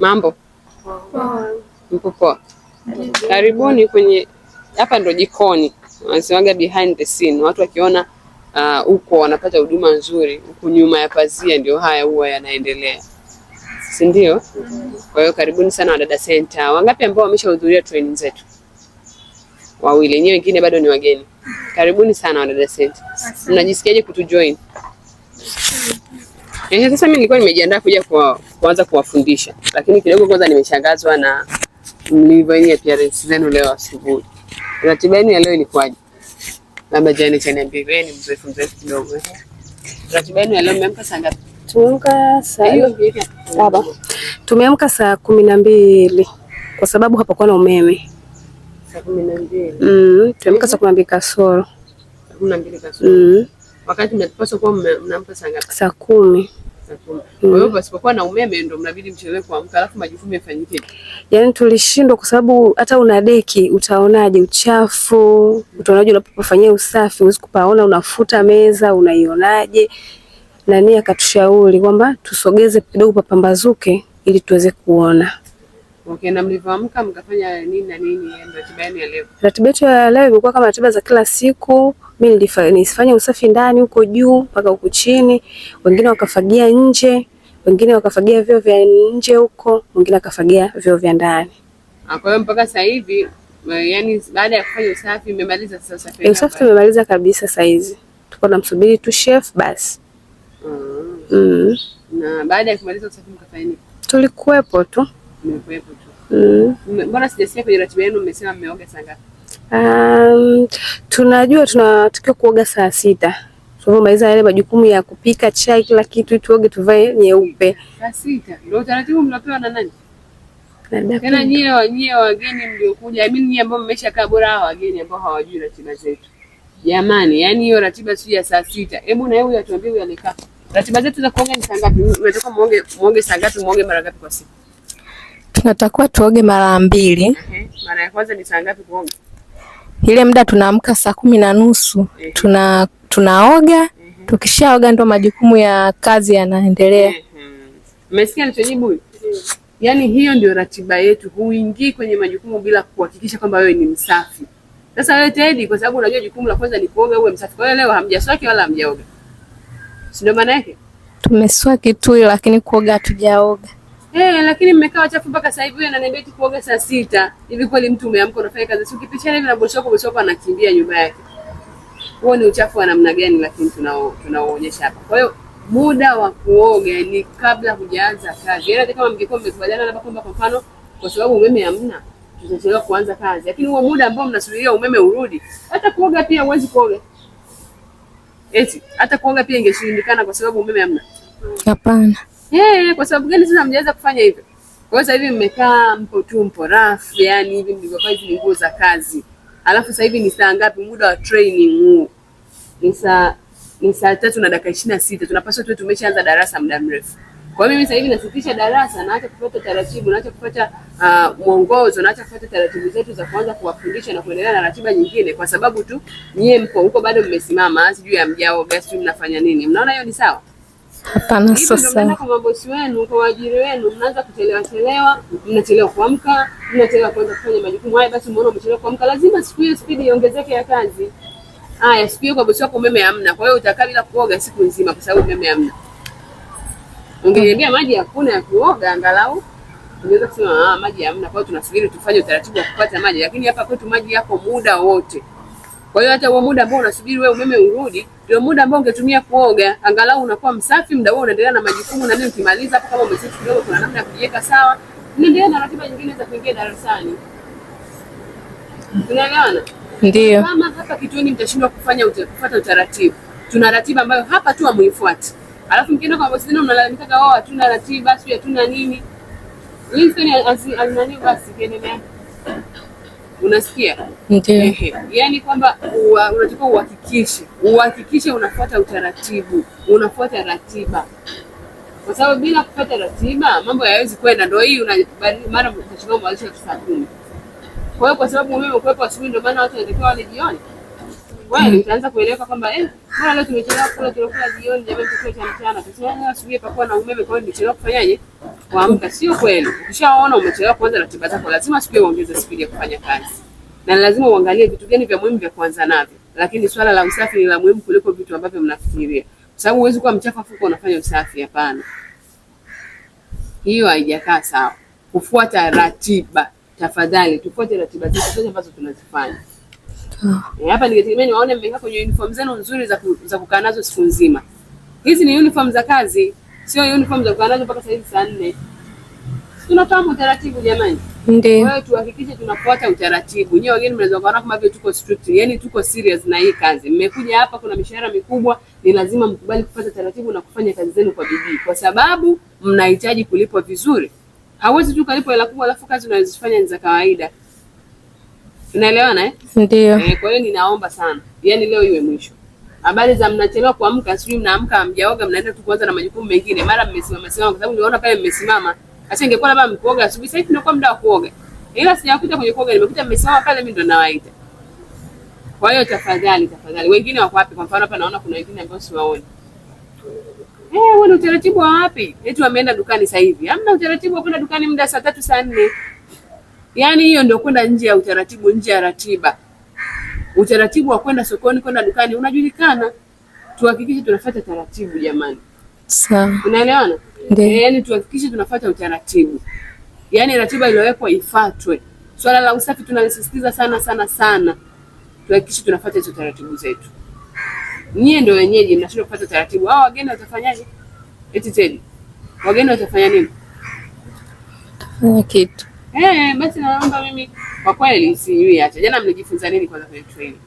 Mambo mpo poa? Karibuni kwenye hapa, ndo jikoni wanasemaga behind the scene. Watu wakiona uh, huko uh, wanapata huduma nzuri, huku nyuma ya pazia ndio haya huwa yanaendelea, si ndio? Kwa hiyo karibuni sana Wadada Center. Wangapi ambao wameshahudhuria training zetu? Wawili wenyewe, wengine bado ni wageni. Karibuni sana Wadada Center. Mnajisikiaje kutujoin? Eh, sasa mimi nilikuwa nimejiandaa kuja kwa kuanza kuwafundisha, lakini kidogo kwanza nimeshangazwa na mlivyoenye appearance zenu leo asubuhi. Ratiba yenu ya leo ilikuwaje? Labda Jane chani wewe ni mzoefu mzoefu kidogo. Ratiba yenu ya leo mmempa saa ngapi? Tumeamka saa tumeamka saa kumi na mbili kwa sababu hapakuwa na umeme. Saa kumi na mbili. Mm, tumeamka saa kumi na mbili kasoro. Saa kumi na mbili kasoro. Mm. Wakati mnatupaswa kuwa mnampa saa ngapi? Saa kumi. Kwa hiyo pasipokuwa na umeme ndio mnabidi mchelewe kuamka, alafu majukumu yafanyike. Yaani tulishindwa kwa sababu hata una deki utaonaje uchafu, utaonaje unapofanyia usafi, huwezi kupaona, unafuta meza unaionaje? Nani akatushauri kwamba tusogeze kidogo papambazuke ili tuweze kuona. Okay, na mlivyoamka mkafanya nini na nini ratiba yenu ya leo? Ratiba yetu ya leo imekuwa kama ratiba za kila siku. Mimi nilifanya usafi ndani huko juu mpaka huko chini, wengine wakafagia nje, wengine wakafagia vyoo vya nje huko, wengine wakafagia vyoo vya ndani. Ah, kwa hiyo mpaka sasa hivi, eh, yani baada ya kufanya usafi mmemaliza sasa usafi? E, usafi tumemaliza kabisa sasa hizi. Tuko namsubiri tu chef basi. Mm. Mm. Na baada ya kumaliza usafi mkafanya nini? Tulikuwepo tu Nimekuwepo tu. Mm. Mbona sijasikia kwenye ratiba yenu mmesema mmeoga saa ngapi? Um, tunajua tunatakiwa kuoga saa sita tunapomaliza yale majukumu ya kupika chai kila kitu, tuoge tuvae nyeupe. Saa sita ndio utaratibu mnapewa na nani? Tena nyie wanyie wageni mliokuja, I mean nyie ambao mmeshakaa, bora hawa wageni ambao hawajui ratiba zetu. Jamani, yani hiyo ratiba sio ya saa sita. Hebu na atuambie, huyu ratiba zetu za kuoga ni saa ngapi? muoge muoge saa ngapi? Muoge mara ngapi kwa siku? tunatakiwa tuoge mara mbili. Mhm. Mara ya kwanza ni saa ngapi kuoga? Ile muda tunaamka saa kumi na nusu mhm. tuna tunaoga, mhm. tukishaoga ndo majukumu ya kazi yanaendelea. Mmesikia alichojibu? Yaani hiyo ndio ratiba yetu, huingii kwenye majukumu bila kuhakikisha kwamba wewe ni msafi. Sasa wewe Teddy, kwa sababu unajua jukumu la kwanza ni kuoga, uwe msafi. Kwa hiyo leo hamjaswaki wala hamjaoga, si ndio? Maana yake tumeswaki tu, lakini kuoga hatujaoga. Eh, lakini mmekaa wachafu mpaka sasa hivi ananiambia eti kuoga saa sita. Hivi kweli mtu umeamka unafanya kazi Si kipichana hivi na bosi wako bosi wako anakimbia nyumba yake. Huo ni uchafu wa namna gani lakini tunao tunaoonyesha hapa. Kwa hiyo muda wa kuoga ni kabla hujaanza kazi. Yaani kama mngekuwa mmekubaliana na kwamba kwa mfano kwa sababu umeme hamna tutachelewa kuanza kazi. Lakini huo muda ambao mnasubiria umeme urudi, hata kuoga pia huwezi kuoga. Eti hata kuoga pia ingeshindikana kwa sababu umeme hamna. Hapana. Hmm. Hey, kwa sababu gani sasa mjaweza kufanya hivyo? Kwa sasa hivi mmekaa mpo tu mpo rafu, yani hivi mlivyovaa hizi nguo za kazi. Alafu sasa hivi ni saa ngapi? Muda wa training huu ni saa ni saa tatu na dakika ishirini na sita. Tunapaswa tuwe tumeshaanza darasa muda mrefu. Kwa mimi sasa hivi nasitisha darasa, naacha kufuata taratibu, naacha kufuata uh, mwongozo, naacha kufuata taratibu zetu za kuanza kuwafundisha na kuendelea na ratiba nyingine, kwa sababu tu nyie mpo huko bado mmesimama, sijui ya mjao gasi mnafanya nini. Mnaona hiyo ni sawa? Hapana. Sasa kwa mabosi wenu, kwa waajiri wenu, mnaanza kuchelewa chelewa, mnachelewa kuamka, mnachelewa kuanza kufanya majukumu haya, basi mbona umechelewa kuamka? Lazima siku hiyo spidi iongezeke ya kazi. Haya, siku hiyo kwa bosi wako umeme hamna, kwa hiyo utakaa bila kuoga siku nzima, kwa sababu umeme hamna. Ungeniambia maji hakuna ya kuoga, angalau unaweza kusema ah, maji hamna, kwa hiyo tunasubiri tufanye utaratibu wa kupata maji, lakini hapa kwetu maji yako muda wote. Kwa hiyo hata huo muda ambao unasubiri wewe umeme urudi, ndio muda ambao ungetumia kuoga, angalau unakuwa msafi, muda huo unaendelea na majukumu, na mimi ukimaliza hapo, kama umezetu kidogo, kuna namna ya kujiweka sawa, unaendelea na ratiba nyingine za kuingia darasani. Unaelewana? Ndio. Kama hapa kituoni mtashindwa kufanya kufuata utaratibu, tuna ratiba ambayo hapa tu amuifuati, alafu mkienda kwa bosi zenu mnalalamika oh, hatuna ratiba, sio hatuna nini. Listen, basi kiendelea. Unasikia? Ndiyo. Yaani kwamba unataka uhakikishe, uhakikishe unafuata utaratibu, unafuata ratiba, kwa sababu bila kufuata ratiba mambo hayawezi kwenda. Ndio hii mara unachukua malisho ya saa kumi. Kwa hiyo kwa sababu umeme umekuwepo asubuhi, ndio maana watu wanatakiwa wale jioni. Wewe utaanza kueleweka kwamba eh mara leo tumechelewa kula, tulikula jioni, jamani tukio cha mchana. Tusiona ah, asubuhi pakuwa na umeme, kwa hiyo nimechelewa kufanyaje? Kuamka sio kweli. Ukishaona umechelewa kuanza ratiba zako, lazima siku uongeze spidi ya kufanya kazi. Na lazima uangalie vitu gani vya muhimu vya kuanza navyo. Lakini swala la usafi ni la muhimu kuliko vitu ambavyo mnafikiria. Kwa sababu huwezi kuwa mchafu afu unafanya usafi, hapana. Hiyo haijakaa sawa. Kufuata ratiba. Tafadhali tufuate ratiba zetu ambazo tunazifanya. Ah. Eh, hapa ningetegemea niwaone mmekaa kwenye uniform zenu nzuri za, ku, za kukaa nazo siku nzima. Hizi ni uniform za kazi, sio uniform za kukaa nazo mpaka saa hizi saa nne. Tunafahamu utaratibu jamani. Ndio. Kwa hiyo tuhakikishe tunafuata utaratibu. Nyewe wageni mnaweza kuona kama vile tuko strict, yani tuko serious na hii kazi. Mmekuja hapa, kuna mishahara mikubwa, ni lazima mkubali kufuata taratibu na kufanya kazi zenu kwa bidii, kwa sababu mnahitaji kulipwa vizuri. Hauwezi tu kalipwa hela kubwa alafu kazi unazozifanya ni za kawaida. Naelewana eh? Ndio. Eh, kwa hiyo ninaomba sana. Yaani leo iwe mwisho. Habari za mnachelewa kuamka, sijui mnaamka mjaoga, mnaenda tu kuanza na majukumu mengine. Mara mmesimama simama kwa sababu nimeona pale mmesimama. Acha ingekuwa labda mkuoga asubuhi, sasa hivi ndio kwa muda wa kuoga. Ila sijakuta kwenye kuoga, nimekuta mmesimama pale mimi ndo nawaita. Kwa hiyo tafadhali, tafadhali. Wengine wako wapi? Kwa mfano hapa naona kuna wengine ambao siwaoni. Eh, hey, wewe utaratibu wa wapi? Eti wameenda dukani sasa hivi. Hamna utaratibu wa kwenda dukani muda saa tatu saa nne. Yaani hiyo ndio kwenda nje ya utaratibu, nje ya ratiba. Utaratibu wa kwenda sokoni, kwenda dukani unajulikana. Tuhakikishe tunafuata taratibu jamani, sawa? Unaelewana? Ndio, eh, yaani tuhakikishe tunafuata utaratibu, yaani ratiba iliyowekwa ifuatwe. Swala la usafi tunalisisitiza sana sana sana, tuhakikishe tunafuata hizo taratibu zetu. Nyie ndio wenyeji mnashindwa kufuata taratibu. Hao wageni watafanyaje? Eti tena wageni watafanya nini? kitu Eh, basi naomba mimi kwa kweli sijui acha. Jana mlijifunza nini kwanza kwenye training?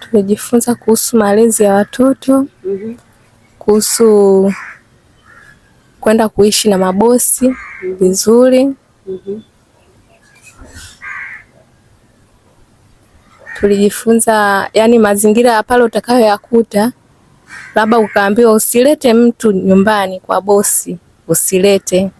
Tumejifunza kuhusu malezi ya watoto mm -hmm. kuhusu kwenda kuishi na mabosi mhm. vizuri mm -hmm. mm tulijifunza yani mazingira ya pale utakayoyakuta, labda ukaambiwa usilete mtu nyumbani kwa bosi, usilete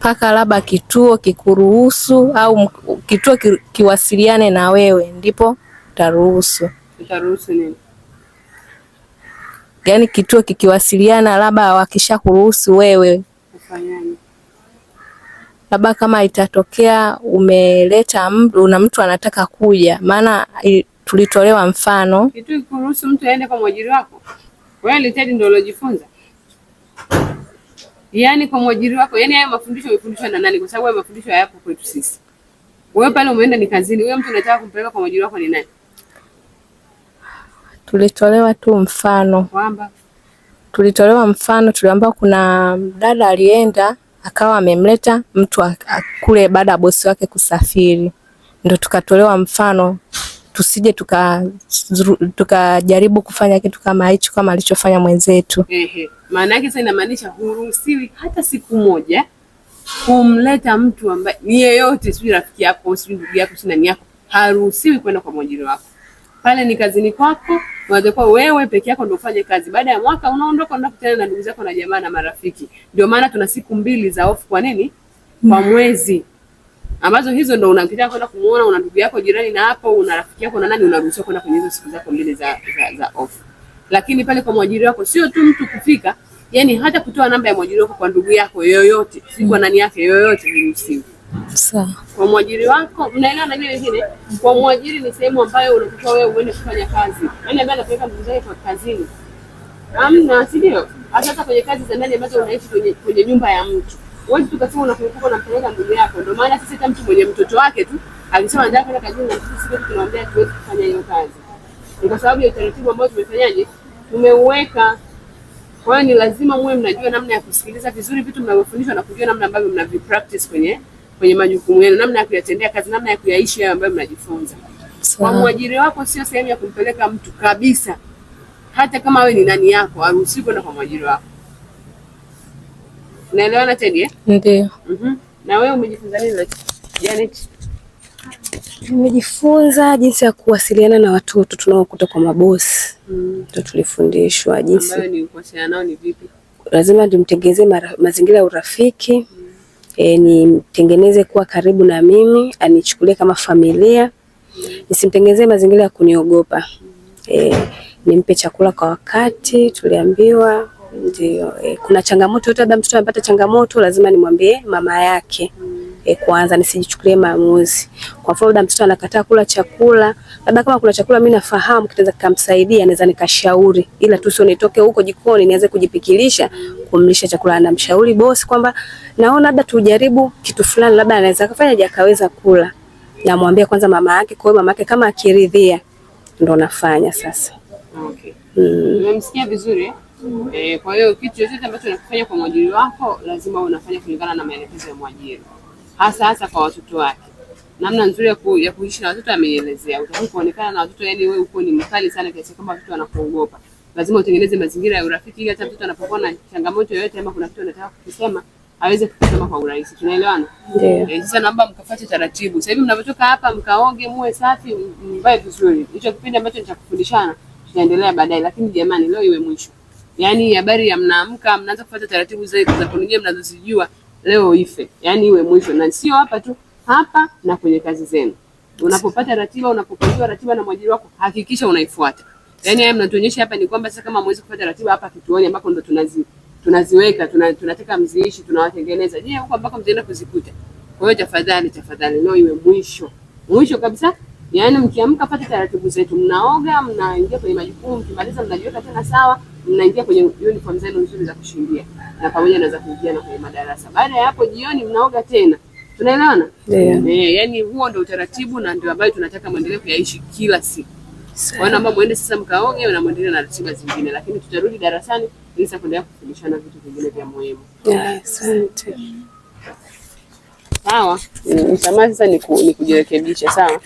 mpaka labda kituo kikuruhusu au kituo ki, kiwasiliane na wewe ndipo utaruhusu. Utaruhusu nini? Yaani kituo kikiwasiliana labda wakishakuruhusu wewe Labda kama itatokea umeleta mtu na mtu anataka kuja, maana tulitolewa mfano. kituo kikuruhusu mtu aende kwa mwajiri wako. Wewe ndio ulojifunza. Yaani kwa mwajiri wako, yani haya mafundisho yamefundishwa na nani? Kwa sababu haya mafundisho hayapo kwetu sisi. Wewe pale umeenda ni kazini, wewe mtu unataka kumpeleka kwa mwajiri wako ni nani? Tulitolewa tu mfano kwamba tulitolewa mfano, tuliambiwa kuna dada alienda akawa amemleta mtu kule baada ya bosi wake kusafiri, ndo tukatolewa mfano tusije tukajaribu tuka kufanya kitu kama hicho kama alichofanya mwenzetu. maana yake sasa inamaanisha huruhusiwi hata siku moja kumleta mtu ambaye ni yeyote, sijui rafiki yako, sijui ndugu yako, sijui nani yako, haruhusiwi kwenda kwa mwajiri wako. Pale ni kazini kwako, unatakiwa wewe peke yako ndio ufanye kazi. Baada ya mwaka unaondoka, kutana na ndugu zako na jamaa na marafiki. Ndio maana tuna siku mbili za off. Kwa nini? Kwa mwezi ambazo hizo ndo unapitia kwenda kumuona una ndugu yako jirani, na hapo una rafiki yako na nani, unaruhusiwa kwenda kwenye hizo siku zako mbili za, za, za off. Lakini pale kwa mwajiri wako sio tu mtu kufika, yani hata kutoa namba ya mwajiri wako kwa ndugu yako yoyote, si kwa nani yake yoyote, ni msingi sawa. Kwa mwajiri wako mnaelewa, na vile vile kwa mwajiri ni sehemu ambayo unatakiwa wewe uende kufanya kazi, yani ambaye anapeleka ndugu zake kwa kazini, amna, si ndio? Hata kwenye kazi za ndani ambazo unaishi kwenye, kwenye nyumba ya mtu wewe tukasema unakumbuka unampeleka ndugu yako. Ndio maana sisi hata mtu mwenye mtoto wake tu alisema ndio kwenda kazini na sisi sisi tunamwambia tuweze kufanya hiyo kazi. Ni kwa sababu ya utaratibu ambao tumefanyaje? Tumeuweka. Kwa hiyo ni lazima muwe mnajua namna ya kusikiliza vizuri vitu mnavyofundishwa na kujua namna ambavyo mnavi practice kwenye kwenye majukumu yenu, namna ya kuyatendea kazi, namna ya kuyaishi hayo ambayo mnajifunza. Kwa mwajiri wako sio sehemu ya kumpeleka mtu kabisa. Hata kama wewe ni nani yako, haruhusiwi kwenda kwa mwajiri wako. Unaelewana Teddy eh? Ndio. Mhm. Na wewe umejifunza nini Janet. Yaani? Nimejifunza jinsi ya kuwasiliana na watoto tunaokuta kwa mabosi. Mm. Tulifundishwa jinsi ambayo ni kuwasiliana nao ni vipi? Lazima nimtengeze mazingira ya urafiki. Mm. E, nimtengeneze kuwa karibu na mimi, anichukulie kama familia. Mm. Nisimtengenezee mazingira ya kuniogopa. Mm. E, nimpe chakula kwa wakati, tuliambiwa ndio, e, kuna changamoto yote, labda mtoto amepata changamoto, lazima nimwambie mama yake e, kwanza nisijichukulie maamuzi. Kwa mfano labda mtoto anakataa kula chakula, labda kama kuna chakula mimi nafahamu kitaweza kikamsaidia, naweza nikashauri, ila tu sio nitoke huko jikoni nianze kujipikilisha kumlisha chakula. Namshauri bosi kwamba naona labda tujaribu kitu fulani, labda anaweza kufanya je, akaweza kula. Namwambia kwanza mama yake, kwa hiyo mama yake kama akiridhia ndo nafanya sasa. Okay. Mm. Nimemsikia vizuri. Eh? Mm. E, kwa hiyo kitu chochote ambacho unakifanya kwa mwajiri wako lazima unafanya kulingana na maelekezo ya mwajiri, hasa hasa kwa watoto wake. Namna nzuri ya, ku, ya kuishi na watoto ameielezea. Utakuwa kuonekana na watoto yani, wewe uko ni mkali sana kiasi kwamba watoto wanakuogopa. Lazima utengeneze mazingira ya urafiki ili hata mtoto anapokuwa na changamoto yoyote ama kuna kitu anataka kukisema aweze kusema kwa urahisi. Tunaelewana? Ndio. E, sasa naomba mkafuate taratibu. Sasa hivi mnapotoka hapa mkaoge, muwe safi, mvae vizuri. Hicho kipindi ambacho nitakufundishana tutaendelea baadaye, lakini jamani, leo iwe mwisho yani habari ya mnaamka mnaanza kufuata taratibu za kunijia mnazozijua leo ife, yani iwe mwisho, na sio hapa tu, hapa na kwenye kazi zenu. Unapopata ratiba, unapopangiwa ratiba na mwajiri wako, hakikisha unaifuata. Yani haya mnatuonyesha hapa ni kwamba sasa kama mwezi kufuata ratiba hapa kituoni ambako ndo tunazi tunaziweka tuna, tunataka mziishi, tunawatengeneza. Je, huko ambako mzienda kuzikuta? Kwa hiyo tafadhali, tafadhali leo iwe mwisho mwisho kabisa. Yaani mkiamka, pata taratibu zetu, mnaoga, mnaingia kwenye majukumu, mkimaliza mnajiweka tena sawa mnaingia kwenye uniform zenu nzuri za kushindia na pamoja naweza kuingiana kwenye madarasa. Baada ya hapo, jioni mnaoga tena, tunaelewana yeah. Eh, yani huo ndio utaratibu na ndio ambayo tunataka muendelee kuyaishi kila siku. Wanaomba mwende sasa mkaoge na muendelee na ratiba zingine, lakini tutarudi darasani ili sasa kuendelea kufundishana vitu vingine vya muhimu. Asante. Sawa, msamaha sasa ni kujirekebisha, sawa.